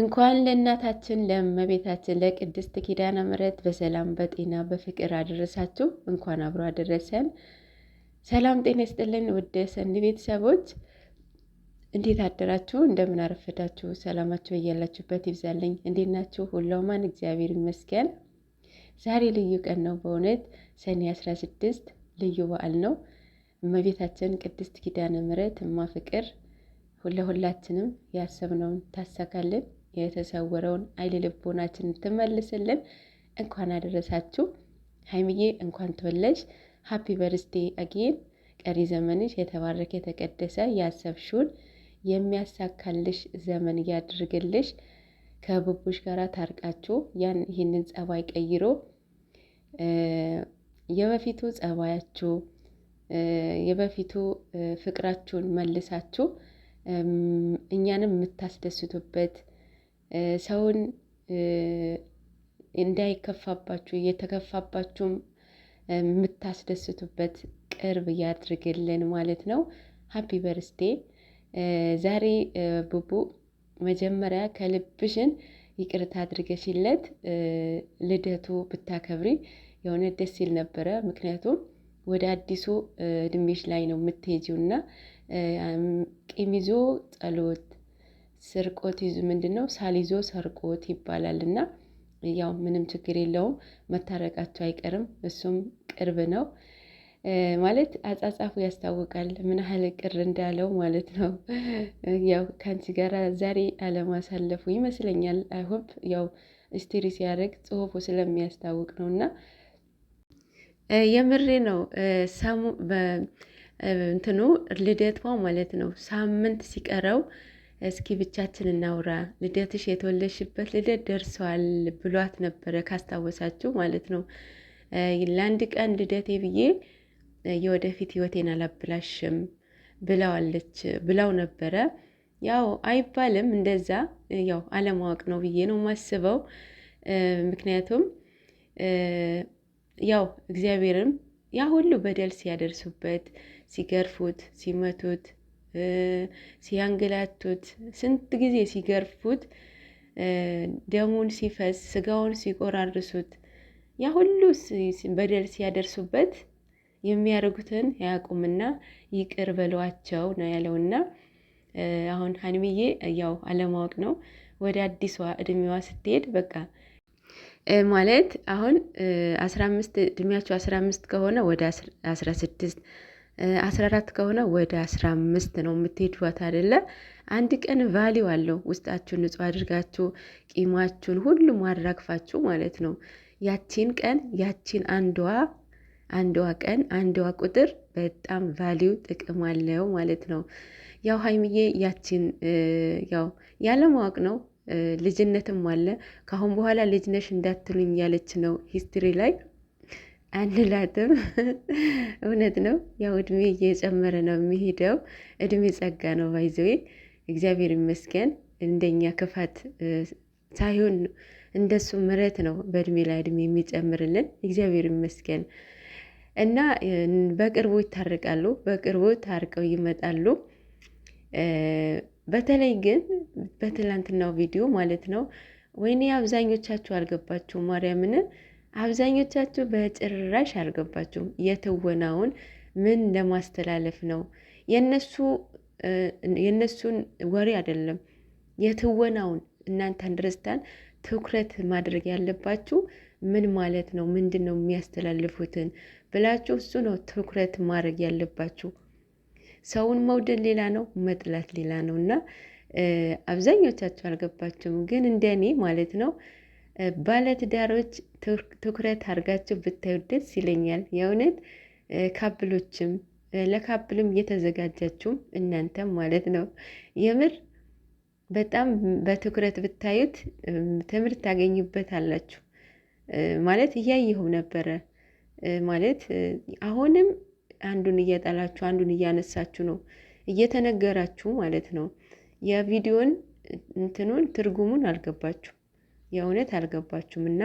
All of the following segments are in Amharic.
እንኳን ለእናታችን ለእመቤታችን ለቅድስት ኪዳነ ምሕረት በሰላም በጤና በፍቅር አደረሳችሁ። እንኳን አብሮ አደረሰን። ሰላም ጤና ይስጥልን ውድ ሰኒ ቤተሰቦች እንዴት አደራችሁ? እንደምን አረፈዳችሁ? ሰላማችሁ እያላችሁበት ይብዛልኝ። እንዴት ናችሁ? ሁለውማን እግዚአብሔር ይመስገን። ዛሬ ልዩ ቀን ነው። በእውነት ሰኔ 16 ልዩ በዓል ነው። እመቤታችን ቅድስት ኪዳነ ምሕረት እማ ፍቅር ለሁላችንም ያሰብነውን ታሳካለን። የተሰወረውን አይል ልቦናችን ትመልስልን። እንኳን አደረሳችሁ ሀይሚዬ፣ እንኳን ተወለሽ። ሀፒ በርስቴ አጌን። ቀሪ ዘመንሽ የተባረከ የተቀደሰ፣ ያሰብሽውን የሚያሳካልሽ ዘመን እያድርግልሽ። ከብቡሽ ጋር ታርቃችሁ ያን ይህንን ጸባይ ቀይሮ የበፊቱ ጸባያችሁ የበፊቱ ፍቅራችሁን መልሳችሁ እኛንም የምታስደስቱበት ሰውን እንዳይከፋባችሁ እየተከፋባችሁም የምታስደስቱበት ቅርብ እያድርግልን ማለት ነው። ሀፒ በርስቴ። ዛሬ ቡቡ መጀመሪያ ከልብሽን ይቅርታ አድርገሽለት ልደቱ ብታከብሪ የሆነ ደስ ይል ነበረ። ምክንያቱም ወደ አዲሱ እድሜሽ ላይ ነው የምትሄጂው እና ቂም ይዞ ጸሎት ስርቆት ምንድን ነው ሳሊዞ ሰርቆት ይባላል እና ያው ምንም ችግር የለውም። መታረቃቸው አይቀርም። እሱም ቅርብ ነው ማለት አጻጻፉ ያስታውቃል ምን ያህል ቅር እንዳለው ማለት ነው። ያው ከአንቺ ጋር ዛሬ አለማሳለፉ ይመስለኛል። አይሆፕ ያው ስትሪ ሲያደርግ ጽሁፉ ስለሚያስታውቅ ነው እና የምሬ ነው እንትኑ ልደቷ ማለት ነው ሳምንት ሲቀረው እስኪ ብቻችን እናውራ ልደትሽ የተወለድሽበት ልደት ደርሰዋል ብሏት ነበረ፣ ካስታወሳችሁ ማለት ነው። ለአንድ ቀን ልደቴ ብዬ የወደፊት ህይወቴን አላብላሽም ብለዋለች ብለው ነበረ። ያው አይባልም እንደዛ፣ ያው አለማወቅ ነው ብዬ ነው የማስበው። ምክንያቱም ያው እግዚአብሔርም ያ ሁሉ በደል ሲያደርሱበት፣ ሲገርፉት፣ ሲመቱት ሲያንገላቱት፣ ስንት ጊዜ ሲገርፉት፣ ደሙን ሲፈስ፣ ስጋውን ሲቆራርሱት፣ ያ ሁሉ በደል ሲያደርሱበት የሚያደርጉትን ያቁምና ይቅር በሏቸው ነው ያለውና አሁን ሀይሚዬ ያው አለማወቅ ነው ወደ አዲሷ እድሜዋ ስትሄድ በቃ ማለት አሁን አስራ አምስት እድሜያቸው አስራ አምስት ከሆነ ወደ አስራ ስድስት አስራ አራት ከሆነ ወደ አስራ አምስት ነው የምትሄዱት አይደለ? አንድ ቀን ቫሊው አለው። ውስጣችሁን ንጹህ አድርጋችሁ ቂማችሁን ሁሉም አራግፋችሁ ማለት ነው። ያቺን ቀን ያቺን አንዷ አንዷ ቀን አንዷ ቁጥር በጣም ቫሊው ጥቅም አለው ማለት ነው። ያው ሀይሚዬ ያቺን ያው ያለማወቅ ነው ልጅነትም አለ። ከአሁን በኋላ ልጅነሽ እንዳትሉኝ ያለች ነው ሂስትሪ ላይ አንላትም። እውነት ነው። ያው እድሜ እየጨመረ ነው የሚሄደው። እድሜ ጸጋ ነው። ባይዘዌ እግዚአብሔር ይመስገን። እንደኛ ክፋት ሳይሆን እንደሱ ምረት ነው በእድሜ ላይ እድሜ የሚጨምርልን እግዚአብሔር ይመስገን። እና በቅርቡ ይታርቃሉ፣ በቅርቡ ታርቀው ይመጣሉ። በተለይ ግን በትላንትናው ቪዲዮ ማለት ነው ወይኔ አብዛኞቻችሁ አልገባችሁ ማርያምን አብዛኞቻችሁ በጭራሽ አልገባችሁም። የትወናውን ምን ለማስተላለፍ ነው? የነሱን ወሬ አይደለም፣ የትወናውን እናንተ አንድረስታን ትኩረት ማድረግ ያለባችሁ ምን ማለት ነው? ምንድን ነው የሚያስተላልፉትን ብላችሁ እሱ ነው ትኩረት ማድረግ ያለባችሁ። ሰውን መውደድ ሌላ ነው፣ መጥላት ሌላ ነው እና አብዛኞቻችሁ አልገባችሁም። ግን እንደኔ ማለት ነው ባለትዳሮች ትኩረት አድርጋቸው ብታዩ ደስ ይለኛል። የእውነት ካፕሎችም ለካፕልም እየተዘጋጃችሁም እናንተም ማለት ነው የምር በጣም በትኩረት ብታዩት ትምህርት ታገኙበት አላችሁ ማለት እያየሁ ነበረ። ማለት አሁንም አንዱን እያጠላችሁ አንዱን እያነሳችሁ ነው እየተነገራችሁ ማለት ነው። የቪዲዮን እንትኑን ትርጉሙን አልገባችሁ የእውነት አልገባችሁም። እና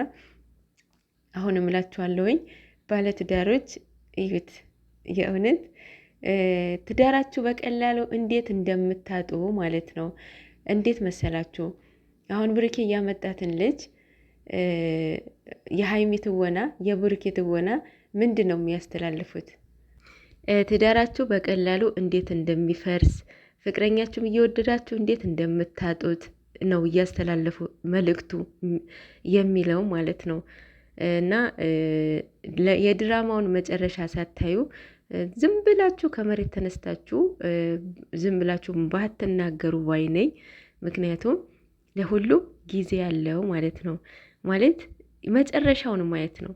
አሁን እምላችኋለሁኝ ባለትዳሮች እዩት፣ የእውነት ትዳራችሁ በቀላሉ እንዴት እንደምታጡ ማለት ነው። እንዴት መሰላችሁ? አሁን ብሩኬ እያመጣትን ልጅ የሀይሚ ትወና የብሩኬ ትወና ምንድን ነው የሚያስተላልፉት? ትዳራችሁ በቀላሉ እንዴት እንደሚፈርስ፣ ፍቅረኛችሁም እየወደዳችሁ እንዴት እንደምታጡት ነው እያስተላለፉ መልእክቱ የሚለው ማለት ነው። እና የድራማውን መጨረሻ ሳታዩ ዝም ብላችሁ ከመሬት ተነስታችሁ ዝም ብላችሁ ባትናገሩ ባይ ነኝ። ምክንያቱም ለሁሉም ጊዜ ያለው ማለት ነው። ማለት መጨረሻውን ማየት ነው።